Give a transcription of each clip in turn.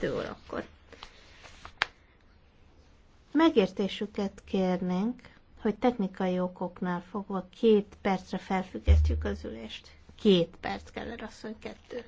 kettő órakor. Megértésüket kérnénk, hogy technikai okoknál fogva két percre felfüggesztjük az ülést. Két perc kell, asszony, kettő.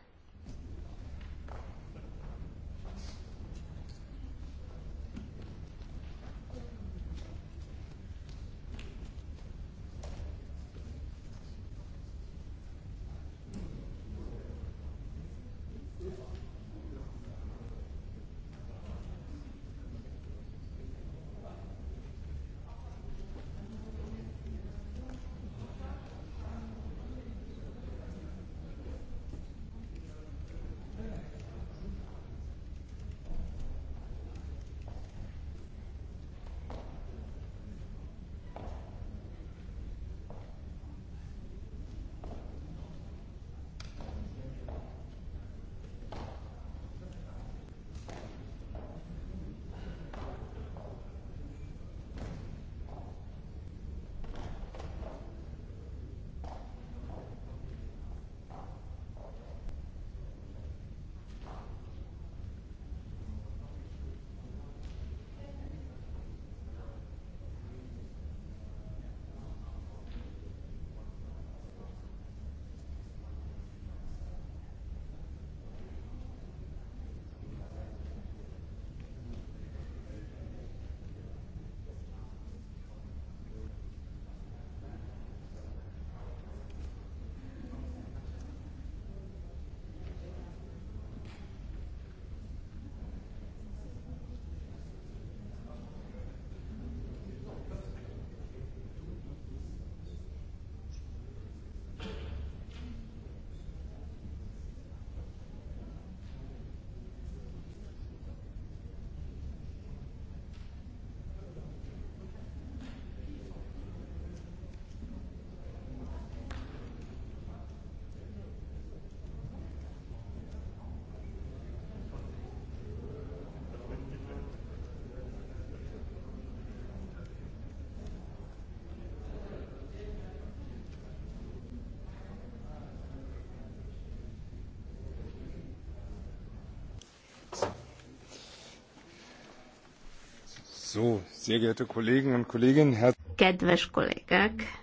Kedves kollégák,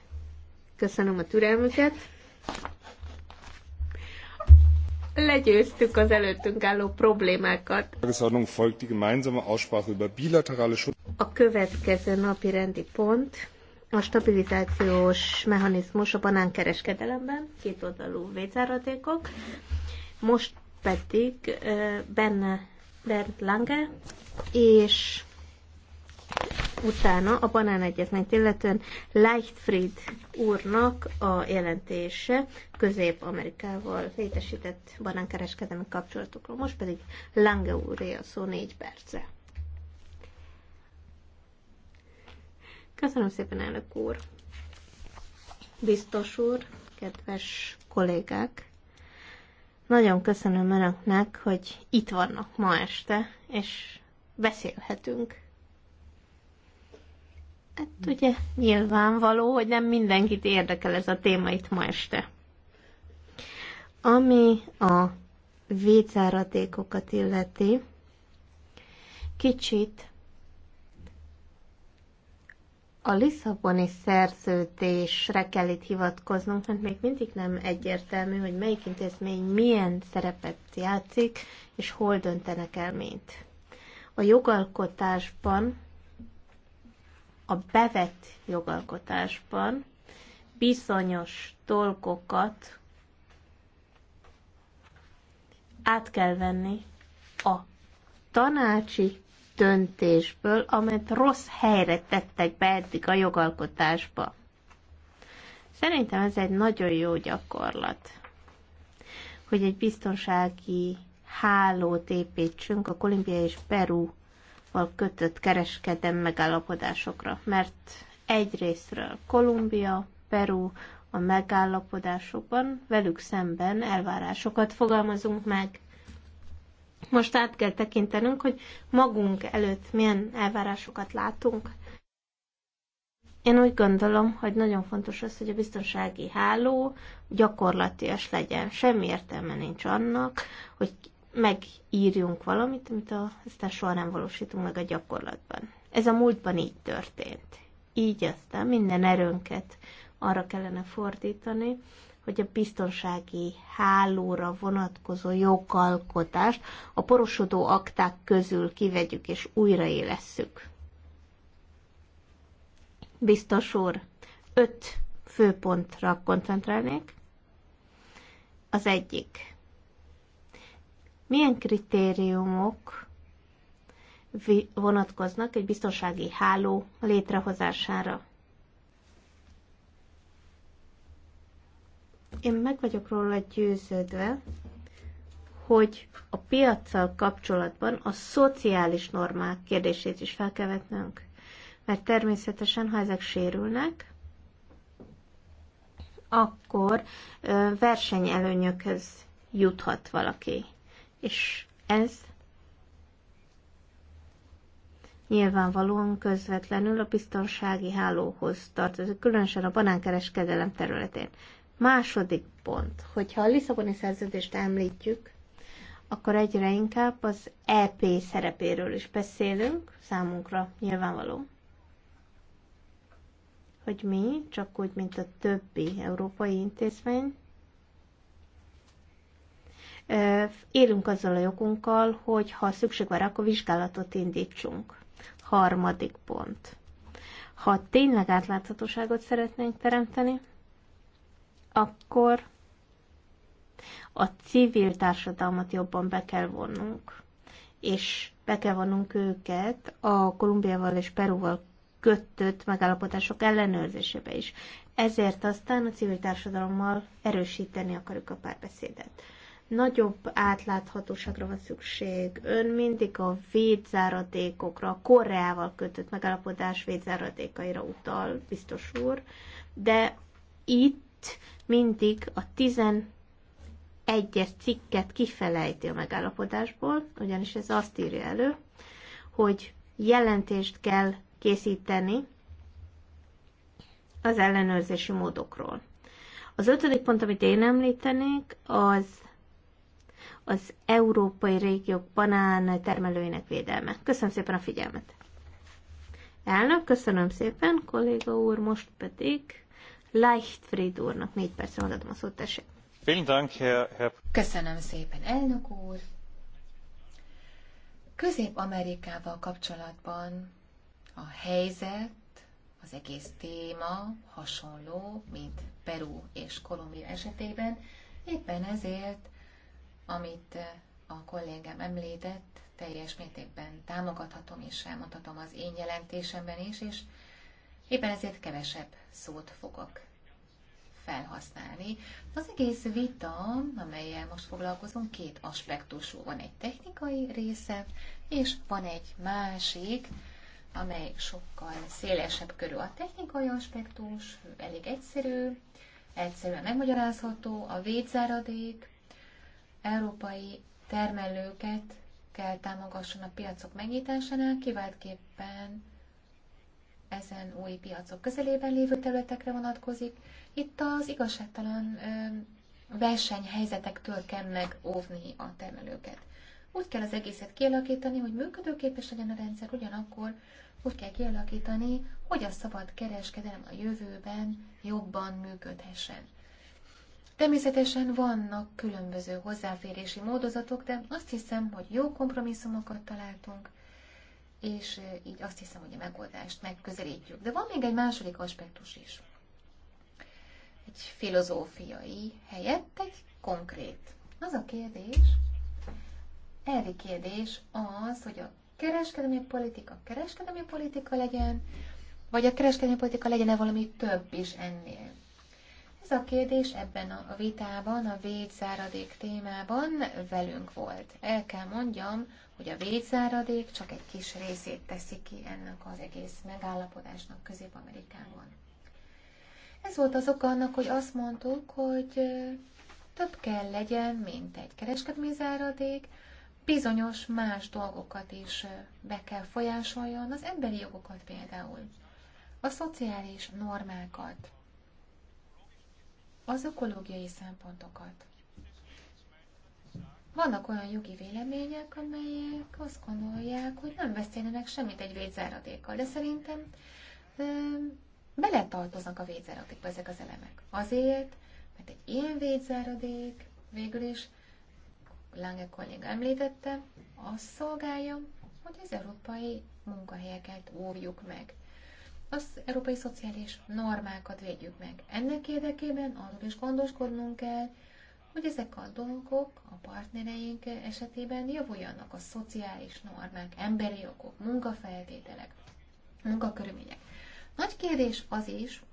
köszönöm a türelmüket. Legyőztük az előttünk álló problémákat. A következő napi rendi pont a stabilizációs mechanizmus a banánkereskedelemben, kétoldalú oldalú Most pedig benne Bernd Lange és utána a banánegyezményt illetően Leichtfried úrnak a jelentése Közép-Amerikával létesített banánkereskedelmi kapcsolatokról. Most pedig Lange úré a szó négy perce. Köszönöm szépen, elnök úr! Biztos úr, kedves kollégák! Nagyon köszönöm önöknek, hogy itt vannak ma este, és beszélhetünk Hát ugye nyilvánvaló, hogy nem mindenkit érdekel ez a téma itt ma este. Ami a vécáratékokat illeti, kicsit a Lisszaboni szerződésre kell itt hivatkoznunk, mert még mindig nem egyértelmű, hogy melyik intézmény milyen szerepet játszik, és hol döntenek el mint. A jogalkotásban a bevett jogalkotásban bizonyos dolgokat át kell venni a tanácsi döntésből, amelyet rossz helyre tettek be eddig a jogalkotásba. Szerintem ez egy nagyon jó gyakorlat, hogy egy biztonsági hálót építsünk a Kolumbia és Peru val kötött kereskedem megállapodásokra, mert egyrésztről Kolumbia, Peru a megállapodásokban velük szemben elvárásokat fogalmazunk meg. Most át kell tekintenünk, hogy magunk előtt milyen elvárásokat látunk. Én úgy gondolom, hogy nagyon fontos az, hogy a biztonsági háló gyakorlatias legyen. Semmi értelme nincs annak, hogy megírjunk valamit, amit aztán soha nem valósítunk meg a gyakorlatban. Ez a múltban így történt. Így aztán minden erőnket arra kellene fordítani, hogy a biztonsági hálóra vonatkozó jogalkotást a porosodó akták közül kivegyük és újraélesszük. Biztos úr, öt főpontra koncentrálnék. Az egyik milyen kritériumok vonatkoznak egy biztonsági háló létrehozására. Én meg vagyok róla győződve, hogy a piaccal kapcsolatban a szociális normák kérdését is fel kell vetnünk. Mert természetesen, ha ezek sérülnek, akkor versenyelőnyökhez juthat valaki és ez nyilvánvalóan közvetlenül a biztonsági hálóhoz tartozik, különösen a banánkereskedelem területén. Második pont, hogyha a Lisszaboni szerződést említjük, akkor egyre inkább az EP szerepéről is beszélünk, számunkra nyilvánvaló, hogy mi, csak úgy, mint a többi európai intézmény, élünk azzal a jogunkkal, hogy ha szükség van, akkor vizsgálatot indítsunk. Harmadik pont. Ha tényleg átláthatóságot szeretnénk teremteni, akkor a civil társadalmat jobban be kell vonnunk, és be kell vonnunk őket a Kolumbiával és Peruval kötött megállapodások ellenőrzésébe is. Ezért aztán a civil társadalommal erősíteni akarjuk a párbeszédet. Nagyobb átláthatóságra van szükség. Ön mindig a védzáradékokra, a Koreával kötött megállapodás védzáradékaira utal, biztos úr, de itt mindig a 11-es cikket kifelejti a megállapodásból, ugyanis ez azt írja elő, hogy jelentést kell készíteni az ellenőrzési módokról. Az ötödik pont, amit én említenék, az az európai régiók banán termelőinek védelme. Köszönöm szépen a figyelmet. Elnök, köszönöm szépen, kolléga úr, most pedig Leichtfried úrnak négy percre adom a szót, tessék. Köszönöm szépen, elnök úr. Közép-Amerikával kapcsolatban a helyzet, az egész téma hasonló, mint Peru és Kolumbia esetében, éppen ezért amit eh, a kollégám említett, teljes mértékben támogathatom és elmondhatom az én jelentésemben is, és éppen ezért kevesebb szót fogok felhasználni. Az egész vita, amelyel most foglalkozunk, két aspektusú. Van egy technikai része, és van egy másik, amely sokkal szélesebb körül. A technikai aspektus elég egyszerű, egyszerűen megmagyarázható, a védzáradék, európai termelőket kell támogasson a piacok megnyitásánál, kiváltképpen ezen új piacok közelében lévő területekre vonatkozik. Itt az igazságtalan versenyhelyzetektől kell megóvni a termelőket. Úgy kell az egészet kialakítani, hogy működőképes legyen a rendszer, ugyanakkor úgy kell kialakítani, hogy a szabad kereskedelem a jövőben jobban működhessen. Természetesen vannak különböző hozzáférési módozatok, de azt hiszem, hogy jó kompromisszumokat találtunk, és így azt hiszem, hogy a megoldást megközelítjük. De van még egy második aspektus is. Egy filozófiai helyett egy konkrét. Az a kérdés, elvi kérdés az, hogy a kereskedelmi politika kereskedelmi politika legyen, vagy a kereskedelmi politika legyen-e valami több is ennél. Ez a kérdés ebben a vitában, a védzáradék témában velünk volt. El kell mondjam, hogy a védzáradék csak egy kis részét teszi ki ennek az egész megállapodásnak Közép-Amerikában. Ez volt az oka annak, hogy azt mondtuk, hogy több kell legyen, mint egy kereskedelmi záradék, bizonyos más dolgokat is be kell folyásoljon, az emberi jogokat például, a szociális normákat, az ökológiai szempontokat. Vannak olyan jogi vélemények, amelyek azt gondolják, hogy nem beszélnek semmit egy védzáradékkal, de szerintem beletartoznak a védzáradékba ezek az elemek. Azért, mert egy ilyen védzáradék végül is, Lange kolléga említette, azt szolgálja, hogy az európai munkahelyeket óvjuk meg az európai szociális normákat védjük meg. Ennek érdekében arról is gondoskodnunk kell, hogy ezek a dolgok a partnereink esetében javuljanak a szociális normák, emberi jogok, munkafeltételek, munkakörülmények. Nagy kérdés az is,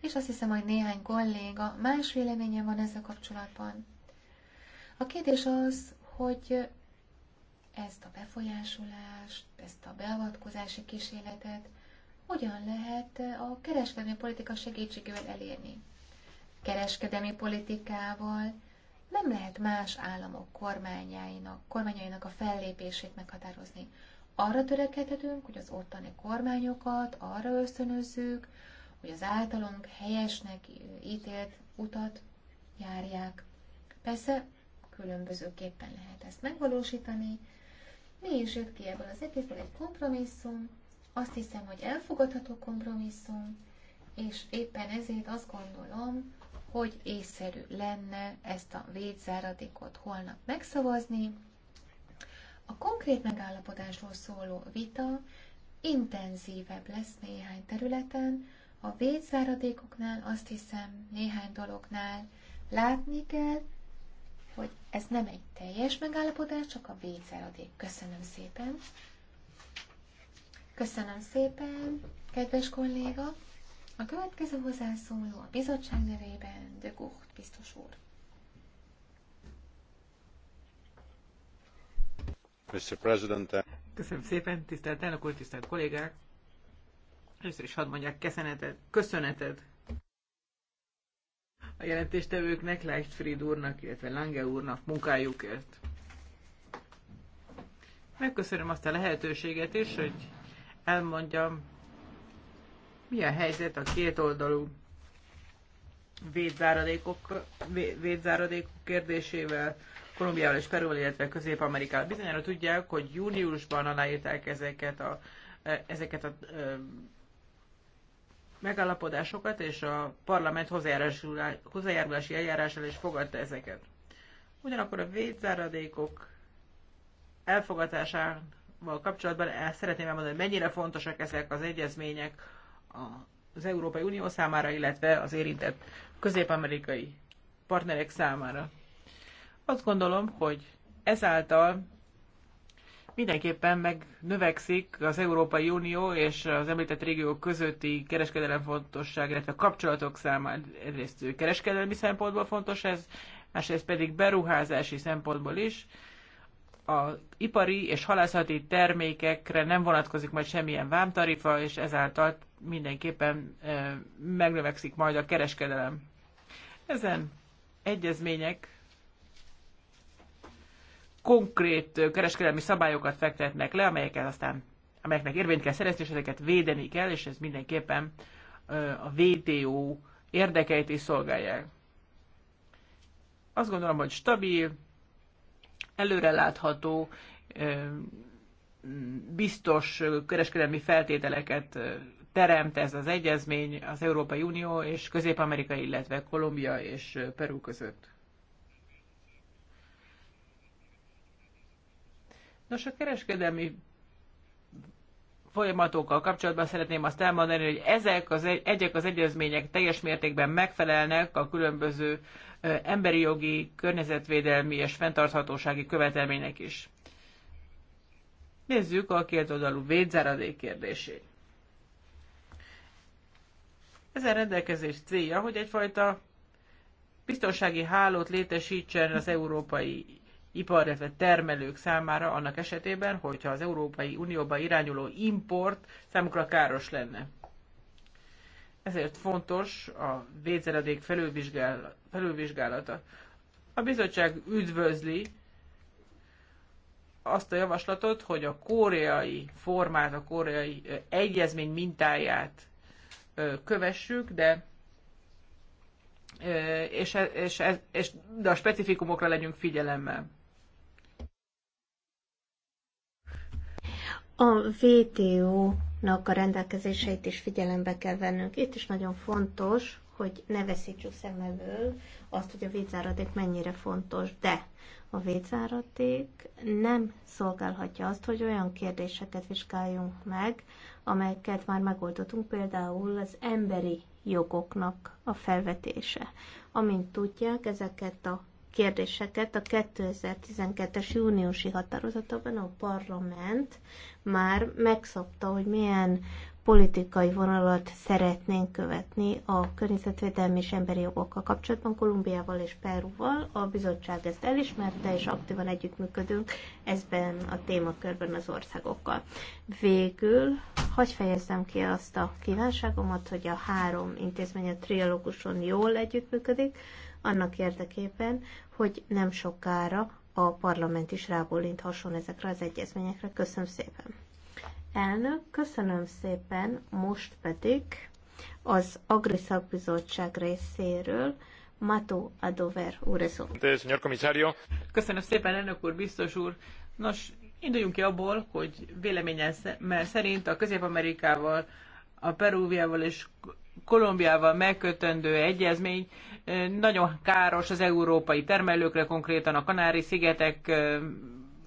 és azt hiszem, hogy néhány kolléga más véleménye van ezzel kapcsolatban. A kérdés az, hogy ezt a befolyásolást, ezt a beavatkozási kísérletet hogyan lehet eh, a kereskedelmi politika segítségével elérni. Kereskedelmi politikával nem lehet más államok kormányainak, kormányainak a fellépését meghatározni. Arra törekedhetünk, hogy az ottani kormányokat arra ösztönözzük, hogy az általunk helyesnek eh, ítélt utat járják. Persze különbözőképpen lehet ezt megvalósítani. Mi is jött ki ebből az egészből egy kompromisszum, azt hiszem, hogy elfogadható kompromisszum, és éppen ezért azt gondolom, hogy észszerű lenne ezt a védzáradékot holnap megszavazni. A konkrét megállapodásról szóló vita intenzívebb lesz néhány területen, a védzáradékoknál azt hiszem néhány dolognál látni kell, hogy ez nem egy teljes megállapodás, csak a védzáradék. Köszönöm szépen! Köszönöm szépen, kedves kolléga. A következő hozzászóló a bizottság nevében de Gucht biztos úr. Mr. President. Eh? Köszönöm szépen, tisztelt elnök úr, tisztelt kollégák! Először is hadd mondják köszönetet, köszönetet a jelentéstevőknek, Leichtfried úrnak, illetve Lange úrnak munkájukért. Megköszönöm azt a lehetőséget is, hogy elmondjam, mi a helyzet a oldalú védzáradékok, védzáradékok kérdésével, Kolumbiával és Perúval, illetve Közép-Amerikával. Bizonyára tudják, hogy júniusban aláírták ezeket a, ezeket a e, megállapodásokat, és a parlament hozzájárulási eljárással is fogadta ezeket. Ugyanakkor a védzáradékok elfogadásán kapcsolatban el szeretném elmondani, hogy mennyire fontosak ezek az egyezmények az Európai Unió számára, illetve az érintett közép-amerikai partnerek számára. Azt gondolom, hogy ezáltal mindenképpen megnövekszik az Európai Unió és az említett régiók közötti kereskedelem fontosság, illetve kapcsolatok száma egyrészt kereskedelmi szempontból fontos ez, másrészt pedig beruházási szempontból is a ipari és halászati termékekre nem vonatkozik majd semmilyen vámtarifa, és ezáltal mindenképpen megnövekszik majd a kereskedelem. Ezen egyezmények konkrét kereskedelmi szabályokat fektetnek le, amelyeket aztán, amelyeknek érvényt kell szerezni, és ezeket védeni kell, és ez mindenképpen a WTO érdekeit is szolgálják. Azt gondolom, hogy stabil, előrelátható, biztos kereskedelmi feltételeket teremt ez az egyezmény az Európai Unió és Közép-Amerika, illetve Kolumbia és Peru között. Nos, a kereskedelmi folyamatokkal kapcsolatban szeretném azt elmondani, hogy ezek az, egyek az egyezmények teljes mértékben megfelelnek a különböző emberi jogi, környezetvédelmi és fenntarthatósági követelmények is. Nézzük a kétoldalú védzáradék kérdését. Ezen rendelkezés célja, hogy egyfajta biztonsági hálót létesítsen az európai ipar, illetve termelők számára annak esetében, hogyha az Európai Unióba irányuló import számukra káros lenne ezért fontos a védszeredék felülvizsgálata. A bizottság üdvözli azt a javaslatot, hogy a koreai formát, a koreai egyezmény mintáját kövessük, de és, e, és, e, és, de a specifikumokra legyünk figyelemmel. A VTO a rendelkezéseit is figyelembe kell vennünk. Itt is nagyon fontos, hogy ne veszítsük szem elől azt, hogy a védzáradék mennyire fontos, de a védzáradék nem szolgálhatja azt, hogy olyan kérdéseket vizsgáljunk meg, amelyeket már megoldottunk, például az emberi jogoknak a felvetése. Amint tudják, ezeket a kérdéseket a 2012-es júniusi határozatban a parlament már megszokta, hogy milyen politikai vonalat szeretnénk követni a környezetvédelmi és emberi jogokkal kapcsolatban Kolumbiával és Perúval. A bizottság ezt elismerte, és aktívan együttműködünk ezben a témakörben az országokkal. Végül, hagyj fejezzem ki azt a kívánságomat, hogy a három intézmény a trialóguson jól együttműködik, annak érdekében, hogy nem sokára a parlament is rábólinthasson ezekre az egyezményekre. Köszönöm szépen. Elnök, köszönöm szépen, most pedig az Agri Szakbizottság részéről Mato Adover úr Köszönöm szépen, elnök úr, biztos úr. Nos, induljunk ki abból, hogy véleményem szerint a Közép-Amerikával, a Perúviával és Kolumbiával megkötendő egyezmény nagyon káros az európai termelőkre, konkrétan a Kanári-szigetek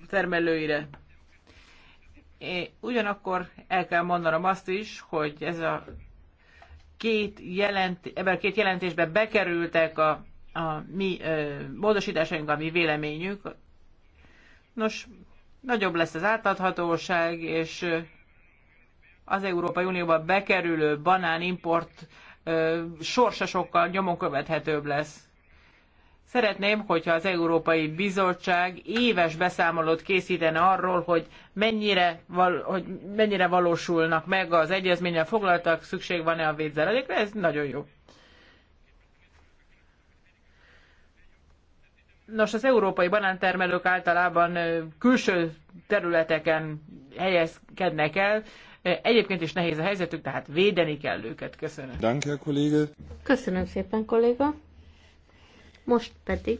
termelőire. É, ugyanakkor el kell mondanom azt is, hogy ez a két jelent, ebben a két jelentésben bekerültek a, a mi ö, módosításaink, a mi véleményük. Nos, nagyobb lesz az átadhatóság, és az Európai Unióba bekerülő banánimport sorsa sokkal nyomon követhetőbb lesz. Szeretném, hogyha az Európai Bizottság éves beszámolót készítene arról, hogy mennyire, val- hogy mennyire valósulnak meg az egyezménnyel foglaltak, szükség van-e a védzeledékre, ez nagyon jó. Nos, az európai banántermelők általában külső területeken helyezkednek el, Egyébként is nehéz a helyzetük, tehát védeni kell őket. Köszönöm. Danke, kollége. Köszönöm szépen, kolléga. Most pedig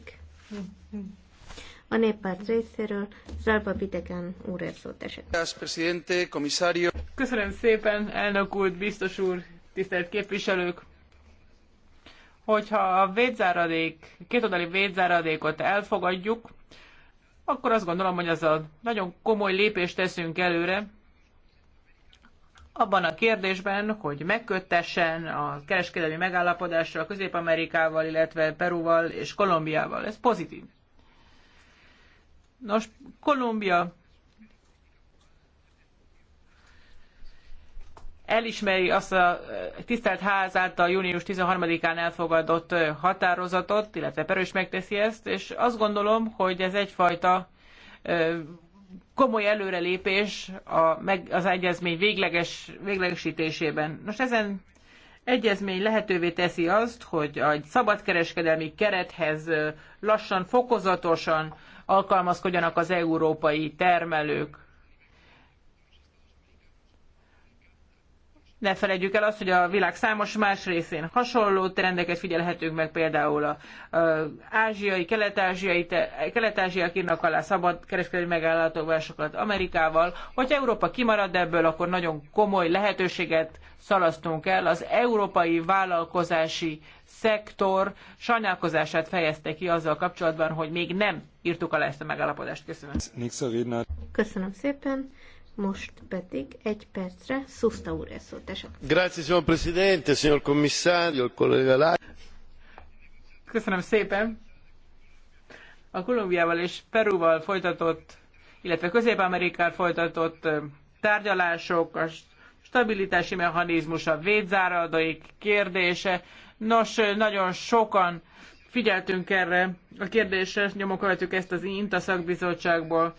a néppárt részéről Zalba Bidegen úr szót esett. Köszönöm szépen, elnök úr, biztos úr, tisztelt képviselők! Hogyha a védzáradék, kétoldali védzáradékot elfogadjuk, akkor azt gondolom, hogy a nagyon komoly lépést teszünk előre, abban a kérdésben, hogy megköttessen a kereskedelmi megállapodásra Közép-Amerikával, illetve Peruval és Kolumbiával. Ez pozitív. Nos, Kolumbia elismeri azt a eh, tisztelt ház által június 13-án elfogadott eh, határozatot, illetve Peru is megteszi ezt, és azt gondolom, hogy ez egyfajta eh, komoly előrelépés a, meg, az egyezmény végleges, véglegesítésében. Most ezen egyezmény lehetővé teszi azt, hogy a szabadkereskedelmi kerethez lassan, fokozatosan alkalmazkodjanak az európai termelők. Ne felejtjük el azt, hogy a világ számos más részén hasonló trendeket figyelhetünk meg, például a, a ázsiai, kelet-ázsiai, kelet-ázsiak írnak alá szabad kereskedelmi megállapodásokat Amerikával. Hogyha Európa kimarad ebből, akkor nagyon komoly lehetőséget szalasztunk el. Az európai vállalkozási szektor sajnálkozását fejezte ki azzal kapcsolatban, hogy még nem írtuk alá ezt a megállapodást. Köszönöm. Köszönöm szépen. Most pedig egy percre Szuszta úr szólt Grazie, signor Presidente, signor Commissario, collega Lá... Köszönöm szépen. A Kolumbiával és Perúval folytatott, illetve Közép-Amerikával folytatott tárgyalások, a stabilitási mechanizmus, a védzáradóik kérdése. Nos, nagyon sokan figyeltünk erre a kérdésre, nyomon követjük ezt az INTA szakbizottságból.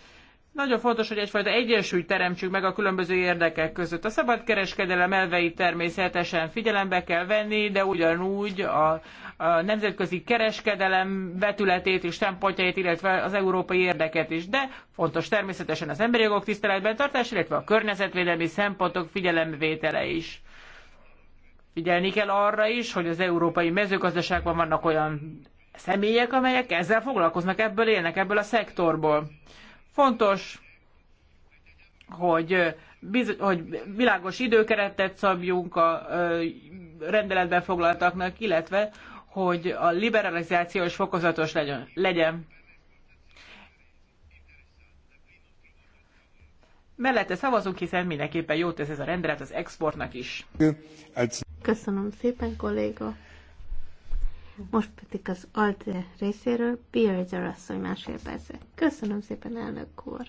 Nagyon fontos, hogy egyfajta egyensúlyt teremtsük meg a különböző érdekek között. A szabadkereskedelem elveit természetesen figyelembe kell venni, de ugyanúgy a, a nemzetközi kereskedelem vetületét és szempontjait, illetve az európai érdeket is. De fontos természetesen az emberi jogok tiszteletben tartás, illetve a környezetvédelmi szempontok figyelemvétele is. Figyelni kell arra is, hogy az európai mezőgazdaságban vannak olyan személyek, amelyek ezzel foglalkoznak, ebből élnek, ebből a szektorból Fontos, hogy, bizony, hogy világos időkeretet szabjunk a rendeletben foglaltaknak, illetve hogy a liberalizáció is fokozatos legyen. legyen. Mellette szavazunk, hiszen mindenképpen jót tesz ez a rendelet az exportnak is. Köszönöm szépen, kolléga. Most pedig az ALDE részéről Bearder asszony másfél percre. Köszönöm szépen, elnök úr.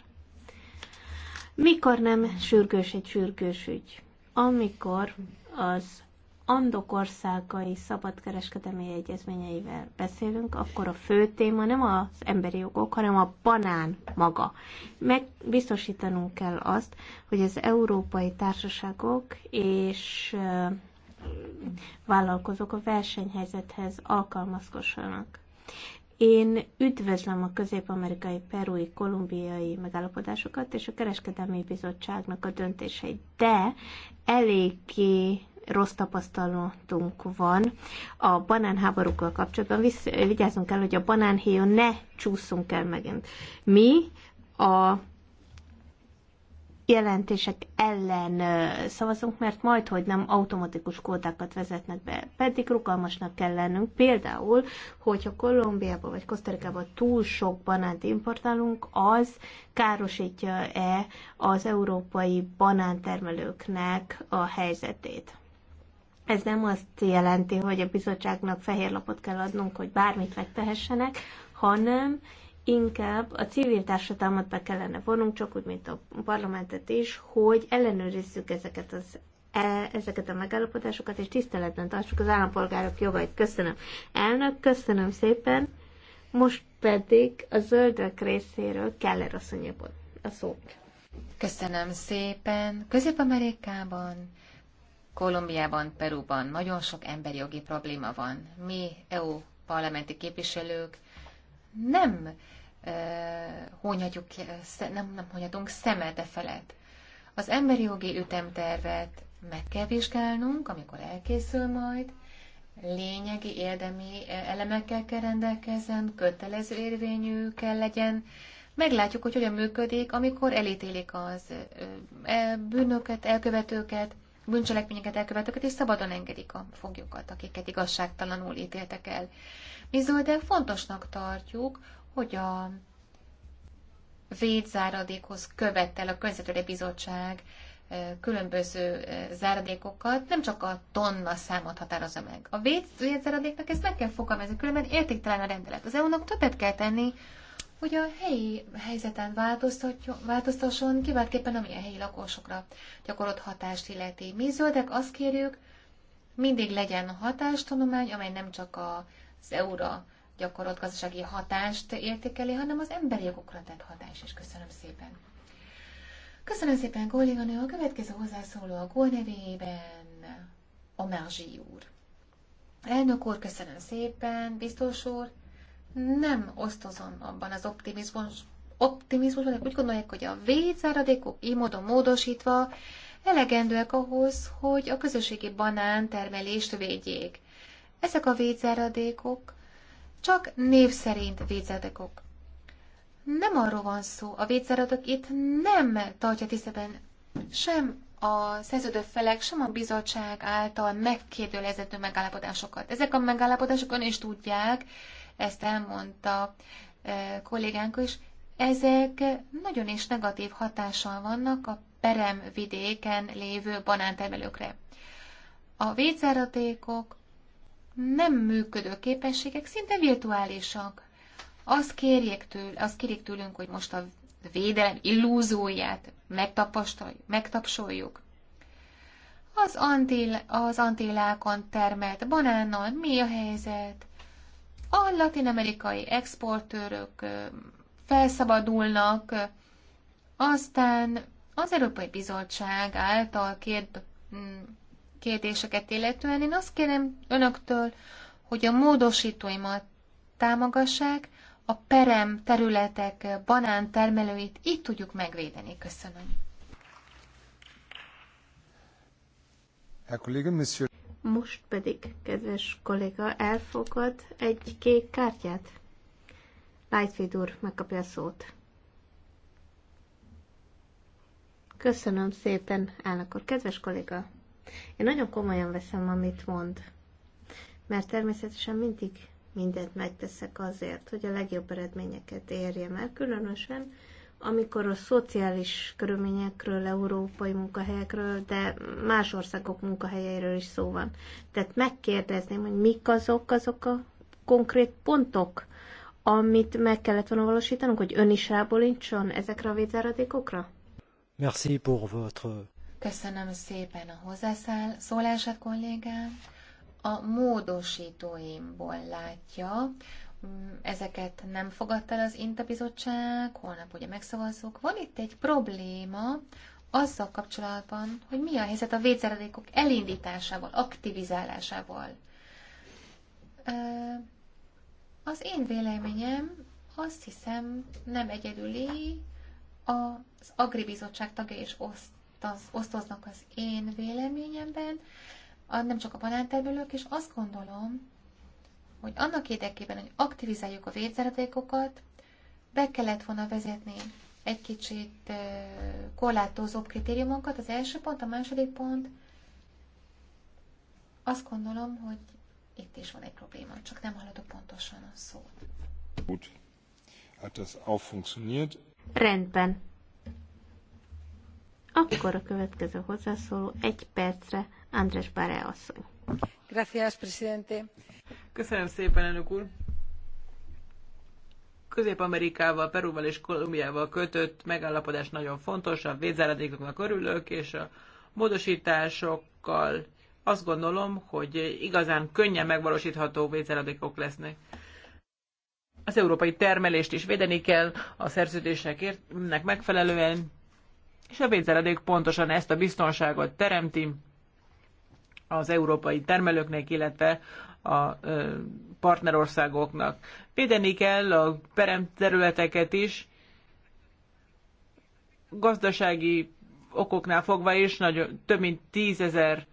Mikor nem sürgős egy sürgős ügy? Amikor az andok országai szabadkereskedelmi egyezményeivel beszélünk, akkor a fő téma nem az emberi jogok, hanem a banán maga. Meg biztosítanunk kell azt, hogy az európai társaságok és vállalkozók a versenyhelyzethez alkalmazkosanak. Én üdvözlöm a közép-amerikai, perui, kolumbiai megállapodásokat és a kereskedelmi bizottságnak a döntéseit, de eléggé rossz tapasztalatunk van a banánháborúkkal kapcsolatban. Visz, vigyázzunk el, hogy a banánhéjon ne csúszunk el megint. Mi a jelentések ellen szavazunk, mert majd, hogy nem automatikus kótákat vezetnek be. Pedig rugalmasnak kell lennünk. Például, hogyha Kolumbiába vagy Kosztarikába túl sok banánt importálunk, az károsítja-e az európai banántermelőknek a helyzetét. Ez nem azt jelenti, hogy a bizottságnak fehér lapot kell adnunk, hogy bármit megtehessenek, hanem inkább a civil társadalmat be kellene vonunk, csak úgy, mint a parlamentet is, hogy ellenőrizzük ezeket az e, ezeket a megállapodásokat, és tiszteletben tartsuk az állampolgárok jogait. Köszönöm. Elnök, köszönöm szépen. Most pedig a zöldök részéről a asszonyából a szót. Köszönöm szépen. Közép-Amerikában, Kolumbiában, Perúban nagyon sok emberi jogi probléma van. Mi EU parlamenti képviselők nem uh, eh, honyhatjuk, eh, nem, nem honyhatunk szemelte felett. Az emberi jogi ütemtervet meg kell vizsgálnunk, amikor elkészül majd, lényegi, érdemi eh, elemekkel kell rendelkezzen, kötelező érvényű kell legyen. Meglátjuk, hogy hogyan működik, amikor elítélik az bűnöket, elkövetőket, bűncselekményeket elkövetőket, és szabadon engedik a foglyokat, akiket igazságtalanul ítéltek el. Mi zöldek fontosnak tartjuk, hogy a védzáradékhoz követel a Környezetvédelmi Bizottság különböző záradékokat, nem csak a tonna számot határozza meg. A védzáradéknak ezt meg kell fogalmazni, különben értéktelen a rendelet. Az EU-nak többet kell tenni, hogy a helyi helyzeten változtasson, kiváltképpen ami a helyi lakosokra gyakorolt hatást illeti. Mi zöldek azt kérjük, mindig legyen hatástanulmány, amely nem csak az EU-ra gyakorolt gazdasági hatást értékeli, hanem az emberi jogokra tett hatás is. Köszönöm szépen. Köszönöm szépen, kolléganő. A következő hozzászóló a Gól nevében, Omerzsi úr. Elnök úr, köszönöm szépen, biztos úr. Nem osztozom abban az optimizmus, optimizmusban, úgy gondolják, hogy a védzáradékok így módon módosítva elegendőek ahhoz, hogy a közösségi banán termelést védjék. Ezek a védzeradékok csak név szerint védzeradékok. Nem arról van szó, a védzáradék itt nem tartja tisztában sem a szerződő felek, sem a bizottság által megkérdőlezető megállapodásokat. Ezek a megállapodások ön is tudják, ezt elmondta eh, kollégánk is, ezek nagyon is negatív hatással vannak a peremvidéken lévő banántermelőkre. A vécáratékok nem működő képességek szinte virtuálisak. Azt kérjék, től, azt kérjék tőlünk, hogy most a védelem illúzóját megtapsoljuk. Az, antil, az antillákon termelt banánnal mi a helyzet? A latinamerikai exportőrök felszabadulnak, aztán az Európai Bizottság által két mm, kérdéseket illetően én azt kérem önöktől, hogy a módosítóimat támogassák, a perem területek banán termelőit így tudjuk megvédeni. Köszönöm. Most pedig, kedves kolléga, elfogad egy kék kártyát. Lightfield úr megkapja a szót. Köszönöm szépen, Állakor. Kedves kolléga, én nagyon komolyan veszem, amit mond, mert természetesen mindig mindent megteszek azért, hogy a legjobb eredményeket érjem el, különösen amikor a szociális körülményekről, európai munkahelyekről, de más országok munkahelyeiről is szó van. Tehát megkérdezném, hogy mik azok, azok a konkrét pontok, amit meg kellett volna valósítanunk, hogy ön is rábólítson ezekre a védzáradékokra? Merci pour votre... Köszönöm szépen a hozzászáll szólását kollégám. A módosítóimból látja, mm, ezeket nem fogadta el az INTA bizottság, holnap ugye megszavazzuk. Van itt egy probléma azzal kapcsolatban, hogy mi a helyzet a védszeradékok elindításával, aktivizálásával. Az én véleményem azt hiszem nem egyedüli, az Bizottság tagja is az osztoznak az én véleményemben, a, nem csak a banántermelők, és azt gondolom, hogy annak érdekében, hogy aktivizáljuk a védzeredékokat, be kellett volna vezetni egy kicsit korlátozóbb kritériumokat. Az első pont, a második pont, azt gondolom, hogy itt is van egy probléma, csak nem hallod pontosan a szót. Gut. Hát ez auch funktioniert. Rendben. Akkor a következő hozzászóló egy percre András Báre asszony. Gracias, presidente. Köszönöm szépen, elnök úr. Közép-Amerikával, Perúval és Kolumbiával kötött megállapodás nagyon fontos, a védzáradékoknak örülök, és a módosításokkal azt gondolom, hogy igazán könnyen megvalósítható védzáradékok lesznek az európai termelést is védeni kell a szerződéseknek megfelelően, és a védzeledék pontosan ezt a biztonságot teremti az európai termelőknek, illetve a partnerországoknak. Védeni kell a peremterületeket is, gazdasági okoknál fogva is nagyon, több mint tízezer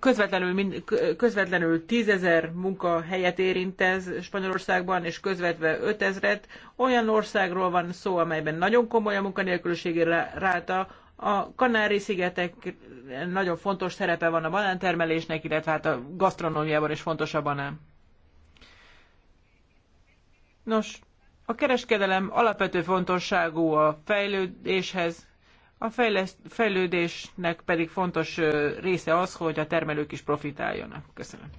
közvetlenül, mind, közvetlenül 10 munkahelyet érint ez Spanyolországban, és közvetve ötezret. Olyan országról van szó, amelyben nagyon komoly a munkanélküliségi ráta, a Kanári-szigetek nagyon fontos szerepe van a banántermelésnek, illetve hát a gasztronómiában is fontos a banán. Nos, a kereskedelem alapvető fontosságú a fejlődéshez, a fejlődésnek pedig fontos része az, hogy a termelők is profitáljanak. Köszönöm.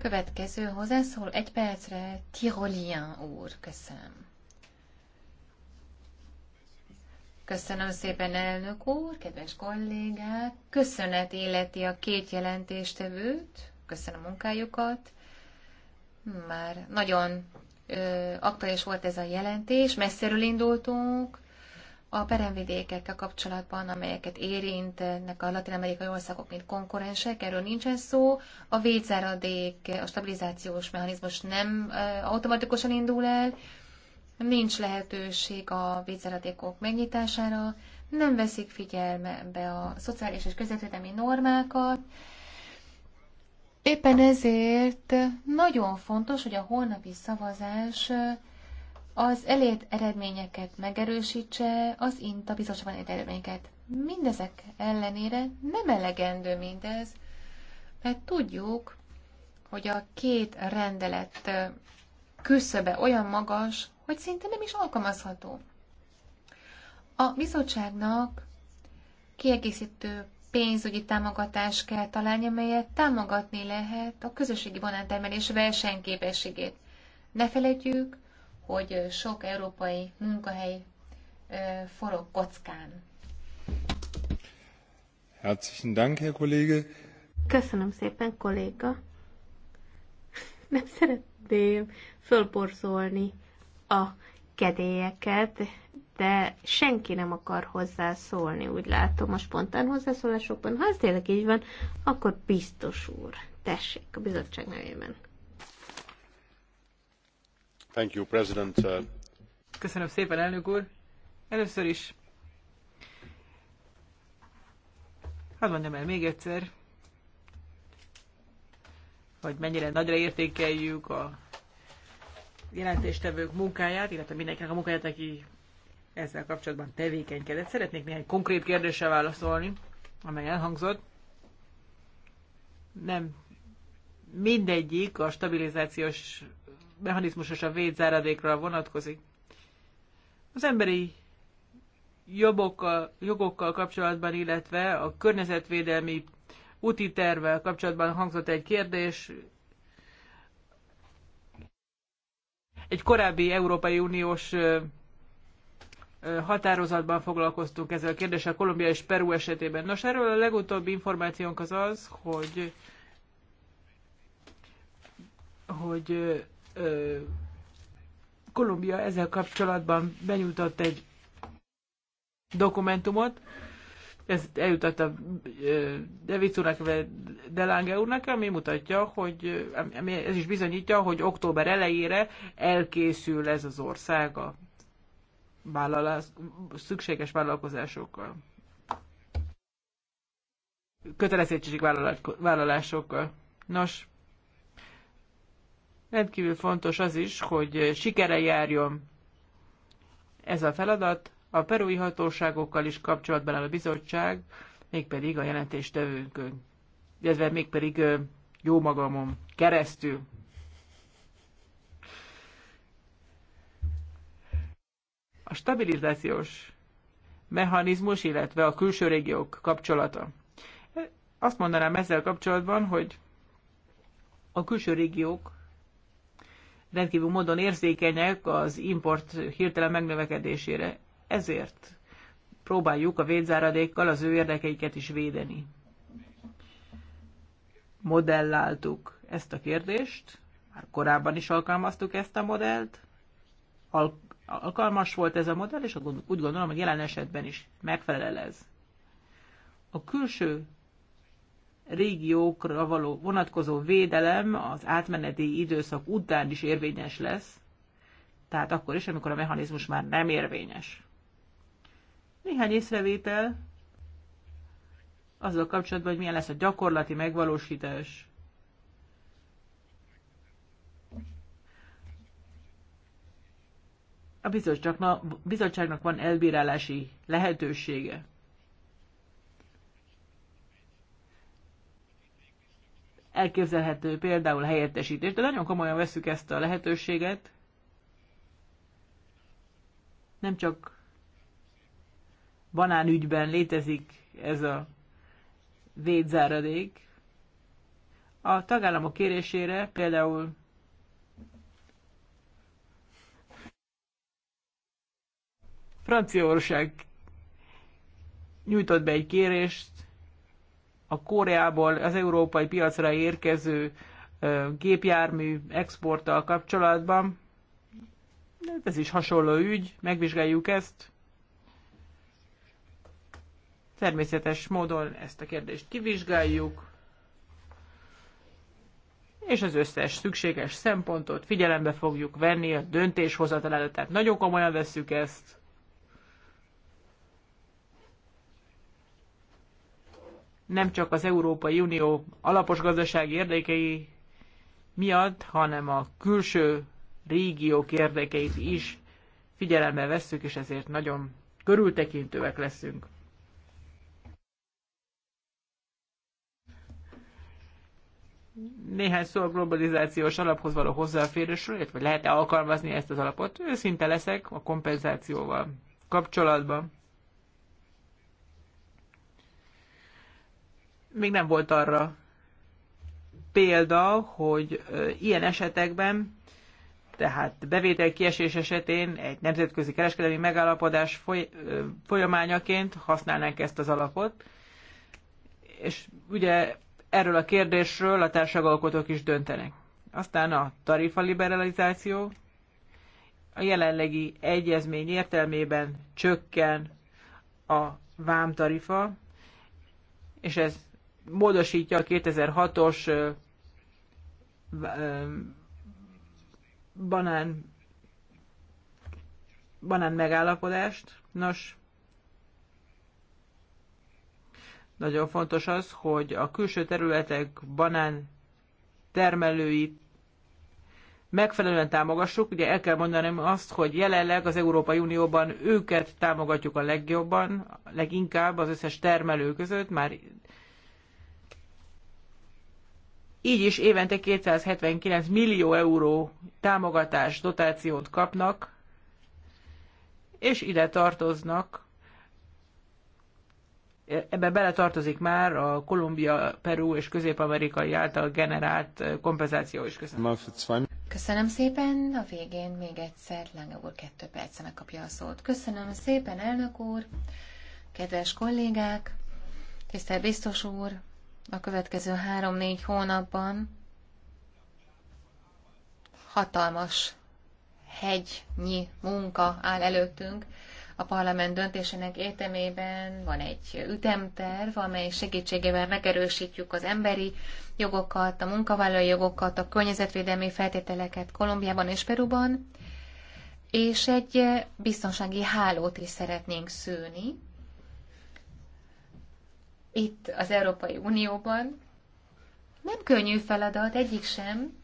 Következő hozzászól egy percre Tirolien úr, köszönöm. Köszönöm szépen, elnök úr, kedves kollégák! Köszönet életi a két jelentéstevőt, köszönöm a munkájukat. Már nagyon aktuális volt ez a jelentés, Messzerül indultunk, a peremvidékekkel kapcsolatban, amelyeket érintnek a latin-amerikai országok, mint konkurensek, erről nincsen szó. A vétszeradék, a stabilizációs mechanizmus nem automatikusan indul el, nincs lehetőség a vétszeradékok megnyitására, nem veszik figyelmebe a szociális és közvetlenemi normákat, Éppen ezért nagyon fontos, hogy a holnapi szavazás az elért eredményeket megerősítse, az INTA bizottságban elért eredményeket. Mindezek ellenére nem elegendő mindez, mert tudjuk, hogy a két rendelet küszöbe olyan magas, hogy szinte nem is alkalmazható. A bizottságnak kiegészítő pénzügyi támogatást kell találni, amelyet támogatni lehet a közösségi banántermelés versenyképességét. Ne felejtjük, hogy sok európai munkahely forog kockán. Herzlichen Dank, Herr Kollege. Köszönöm szépen, kolléga. Nem szeretném fölborzolni a kedélyeket, de senki nem akar hozzászólni, úgy látom a spontán hozzászólásokban. Ha ez tényleg így van, akkor biztos úr, tessék a bizottság nevében. Thank you, President. Uh, Köszönöm szépen, elnök úr. Először is, hát mondjam el még egyszer, hogy mennyire nagyra értékeljük a jelentéstevők munkáját, illetve mindenkinek a munkáját, aki ezzel kapcsolatban tevékenykedett. Szeretnék néhány konkrét kérdésre válaszolni, amely elhangzott. Nem mindegyik a stabilizációs mechanizmus és a védzáradékra vonatkozik. Az emberi jogokkal, jogokkal kapcsolatban, illetve a környezetvédelmi úti tervvel kapcsolatban hangzott egy kérdés. Egy korábbi Európai Uniós határozatban foglalkoztunk ezzel a kérdéssel Kolumbia és Peru esetében. Nos, erről a legutóbbi információnk az az, hogy hogy ö, Kolumbia ezzel kapcsolatban benyújtott egy dokumentumot, ezt eljutott a Devic úrnak, Lange úrnak, ami mutatja, hogy ami ez is bizonyítja, hogy október elejére elkészül ez az ország a vállalás, szükséges vállalkozásokkal. vállalásokkal Nos, rendkívül fontos az is, hogy sikere járjon ez a feladat. A perui hatóságokkal is kapcsolatban áll a bizottság, mégpedig a jelentéstevőnkön, illetve mégpedig jó magamon keresztül. A stabilizációs mechanizmus, illetve a külső régiók kapcsolata. Azt mondanám ezzel kapcsolatban, hogy a külső régiók rendkívül módon érzékenyek az import hirtelen megnövekedésére, ezért próbáljuk a védzáradékkal az ő érdekeiket is védeni. Modelláltuk ezt a kérdést, már korábban is alkalmaztuk ezt a modellt, alkalmas volt ez a modell, és úgy gondolom, hogy jelen esetben is megfelel ez. A külső régiókra való vonatkozó védelem az átmeneti időszak után is érvényes lesz, tehát akkor is, amikor a mechanizmus már nem érvényes. Néhány észrevétel azzal kapcsolatban, hogy milyen lesz a gyakorlati megvalósítás a bizottságnak van elbírálási lehetősége. Elképzelhető például helyettesítés, de nagyon komolyan veszük ezt a lehetőséget. Nem csak banánügyben létezik ez a védzáradék. A tagállamok kérésére például Franciaország nyújtott be egy kérést a Koreából az európai piacra érkező gépjármű exporttal kapcsolatban. Hát ez is hasonló ügy, megvizsgáljuk ezt. Természetes módon ezt a kérdést kivizsgáljuk, és az összes szükséges szempontot figyelembe fogjuk venni a döntéshozat előtt. Tehát nagyon komolyan vesszük ezt. nem csak az Európai Unió alapos gazdasági érdekei miatt, hanem a külső régiók érdekeit is figyelembe vesszük, és ezért nagyon körültekintőek leszünk. Néhány szó a globalizációs alaphoz való hozzáférésről, illetve lehet-e alkalmazni ezt az alapot? Őszinte leszek a kompenzációval kapcsolatban. még nem volt arra példa, hogy ilyen esetekben, tehát bevétel kiesés esetén egy nemzetközi kereskedelmi megállapodás folyamányaként használnánk ezt az alapot. És ugye erről a kérdésről a társadalkotók is döntenek. Aztán a tarifa liberalizáció a jelenlegi egyezmény értelmében csökken a vámtarifa, és ez módosítja a 2006-os banán, banán megállapodást. Nos, nagyon fontos az, hogy a külső területek banán termelői megfelelően támogassuk. Ugye el kell mondanom azt, hogy jelenleg az Európai Unióban őket támogatjuk a legjobban, leginkább az összes termelő között, már így is évente 279 millió euró támogatás, dotációt kapnak, és ide tartoznak, ebbe tartozik már a Kolumbia, Peru és közép-amerikai által generált kompenzáció is. Köszönöm. Köszönöm szépen. A végén még egyszer Lange úr kettő percen megkapja a szót. Köszönöm szépen, elnök úr, kedves kollégák, tisztelt biztos úr, a következő három-négy hónapban hatalmas hegynyi munka áll előttünk. A parlament döntésének értelmében van egy ütemterv, amely segítségével megerősítjük az emberi jogokat, a munkavállalói jogokat, a környezetvédelmi feltételeket Kolumbiában és Peruban, és egy biztonsági hálót is szeretnénk szőni, itt az Európai Unióban. Nem könnyű feladat, egyik sem.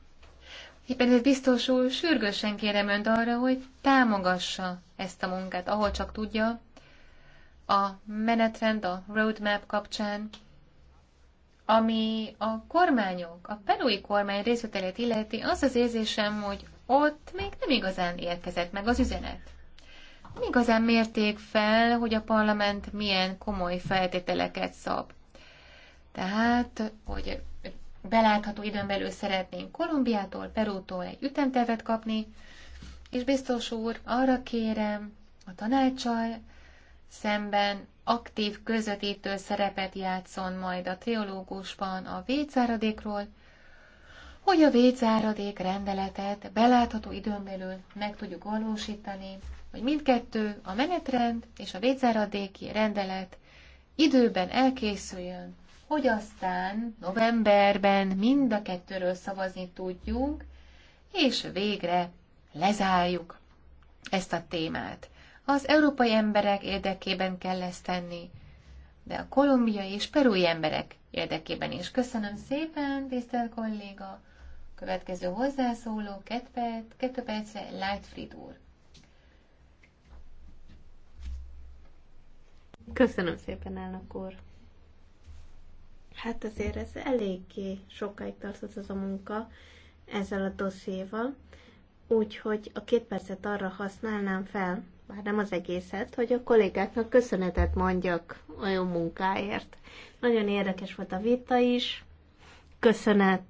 Éppen ez biztosul sürgősen kérem önt arra, hogy támogassa ezt a munkát, ahol csak tudja, a menetrend, a roadmap kapcsán, ami a kormányok, a perui kormány részvételét illeti, az az érzésem, hogy ott még nem igazán érkezett meg az üzenet nem igazán mérték fel, hogy a parlament milyen komoly feltételeket szab. Tehát, hogy belátható időn belül szeretnénk Kolumbiától, Perútól egy ütemtervet kapni, és biztos úr, arra kérem a tanácsal szemben aktív közvetítő szerepet játszon majd a triológusban a védzáradékról, hogy a védzáradék rendeletet belátható időn belül meg tudjuk valósítani, hogy mindkettő, a menetrend és a védzáradéki rendelet időben elkészüljön, hogy aztán novemberben mind a kettőről szavazni tudjunk, és végre lezárjuk ezt a témát. Az európai emberek érdekében kell ezt tenni, de a kolumbiai és perui emberek érdekében is. Köszönöm szépen, tisztelt kolléga! Következő hozzászóló, kettő perc, kettő perc, Lightfried úr. Köszönöm szépen, elnök úr. Hát azért ez eléggé sokáig tartott az a munka ezzel a dosszéval, úgyhogy a két percet arra használnám fel, bár nem az egészet, hogy a kollégáknak köszönetet mondjak a jó munkáért. Nagyon érdekes volt a vita is, köszönet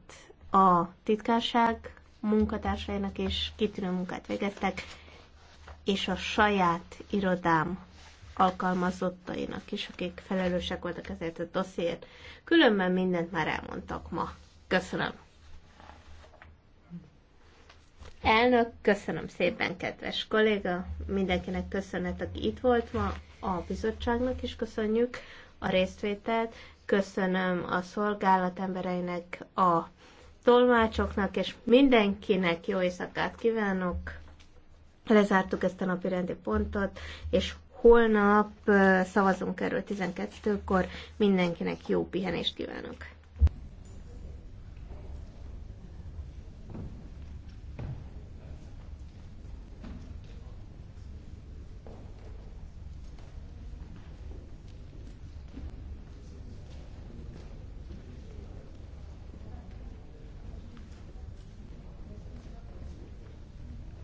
a titkárság munkatársainak és kitűnő munkát végeztek, és a saját irodám alkalmazottainak is, akik felelősek voltak ezért a dossziért. Különben mindent már elmondtak ma. Köszönöm. Elnök, köszönöm szépen, kedves kolléga. Mindenkinek köszönet, aki itt volt ma, a bizottságnak is köszönjük a résztvételt. Köszönöm a szolgálat embereinek, a tolmácsoknak, és mindenkinek jó éjszakát kívánok. Lezártuk ezt a napi rendi pontot, és Holnap szavazunk erről 12-kor. Mindenkinek jó pihenést kívánok!